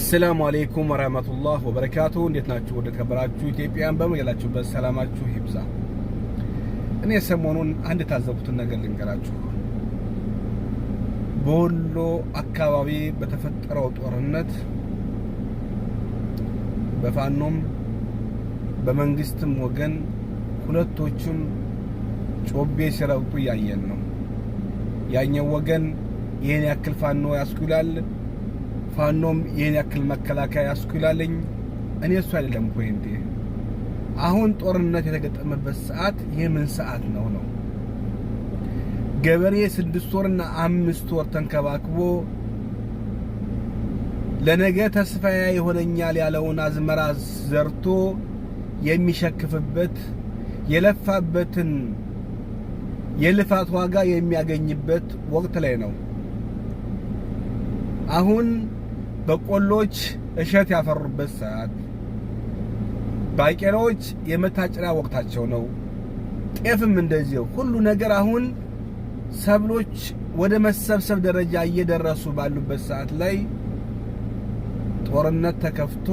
አሰላሙ አሌይኩም ወረህመቱላህ ወበረካቱ። እንዴት ናችሁ? ወደ ተከበራችሁ ኢትዮጵያን በመገላችሁበት ሰላማችሁ ይብዛ። እኔ ሰሞኑን አንድ የታዘቡትን ነገር ልንገራችሁ። በወሎ አካባቢ በተፈጠረው ጦርነት በፋኖም በመንግስትም ወገን ሁለቶቹም ጮቤ ሲረግጡ እያየን ነው። ያኛው ወገን ይህን ያክል ፋኖ ያስኩላል ፋኖም ይህን ያክል መከላከያ ያስኩላልኝ እኔ እሱ አይደለም ፖይንቴ። አሁን ጦርነት የተገጠመበት ሰዓት የምን ሰዓት ነው ነው ገበሬ ስድስት ወርና አምስት ወር ተንከባክቦ ለነገ ተስፋያ ይሆነኛል ያለውን አዝመራ ዘርቶ የሚሸክፍበት የለፋበትን የልፋት ዋጋ የሚያገኝበት ወቅት ላይ ነው አሁን በቆሎች እሸት ያፈሩበት ሰዓት፣ ባቄላዎች የመታጨሪያ ወቅታቸው ነው። ጤፍም እንደዚሁ ሁሉ ነገር አሁን ሰብሎች ወደ መሰብሰብ ደረጃ እየደረሱ ባሉበት ሰዓት ላይ ጦርነት ተከፍቶ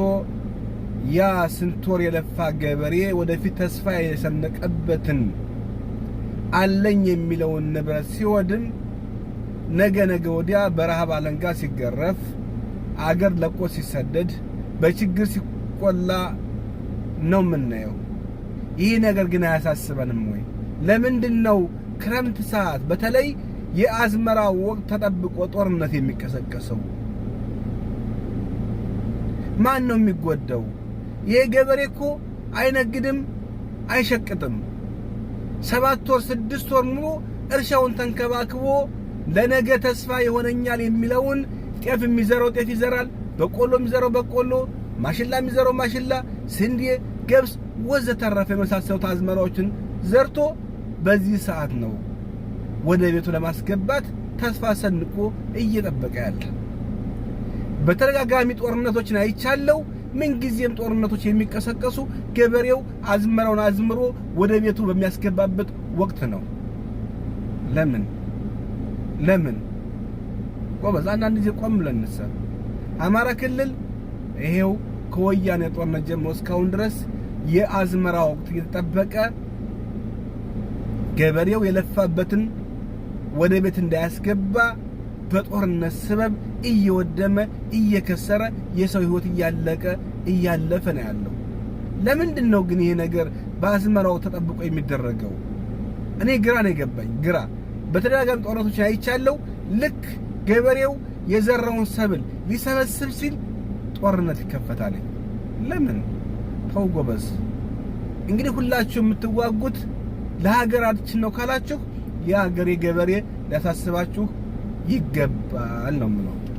ያ ስንት ወር የለፋ ገበሬ ወደፊት ተስፋ የሰነቀበትን አለኝ የሚለውን ንብረት ሲወድም ነገ ነገ ወዲያ በረሃብ አለንጋ ሲገረፍ አገር ለቆ ሲሰደድ በችግር ሲቆላ ነው የምናየው። ይህ ነገር ግን አያሳስበንም ወይ? ለምንድን ነው ክረምት ሰዓት በተለይ የአዝመራ ወቅት ተጠብቆ ጦርነት የሚቀሰቀሰው? ማን ነው የሚጎዳው? ይሄ ገበሬ እኮ አይነግድም፣ አይሸቅጥም። ሰባት ወር ስድስት ወር ሙሉ እርሻውን ተንከባክቦ ለነገ ተስፋ ይሆነኛል የሚለውን ጤፍ የሚዘራው ጤፍ ይዘራል። በቆሎ የሚዘራው በቆሎ፣ ማሽላ የሚዘራው ማሽላ፣ ስንዴ፣ ገብስ ወዘተረፈ የመሳሰሉት አዝመራዎችን ዘርቶ በዚህ ሰዓት ነው ወደ ቤቱ ለማስገባት ተስፋ ሰንቆ እየጠበቀ ያለ። በተደጋጋሚ ጦርነቶችን አይቻለው። ምንጊዜም ጦርነቶች የሚቀሰቀሱ ገበሬው አዝመራውን አዝምሮ ወደ ቤቱ በሚያስገባበት ወቅት ነው። ለምን ለምን ጎበዝ፣ አንዳንድ ጊዜ ቆም ብለን እንሰብ። አማራ ክልል ይሄው ከወያኔ ጦርነት ጀምሮ እስካሁን ድረስ የአዝመራ ወቅት እየተጠበቀ ገበሬው የለፋበትን ወደ ቤት እንዳያስገባ በጦርነት ሰበብ እየወደመ እየከሰረ የሰው ህይወት እያለቀ እያለፈ ነው ያለው። ለምንድን ነው ግን ይሄ ነገር በአዝመራው ተጠብቆ የሚደረገው? እኔ ግራ ነው የገባኝ። ግራ በተደጋጋሚ ጦርነቶች አይቻለሁ ልክ ገበሬው የዘራውን ሰብል ሊሰበስብ ሲል ጦርነት ይከፈታል። ለምን? ተው ጎበዝ። እንግዲህ ሁላችሁ የምትዋጉት ለሀገራችን ነው ካላችሁ የሀገሬ ገበሬ ሊያሳስባችሁ ይገባል ነው የምለው።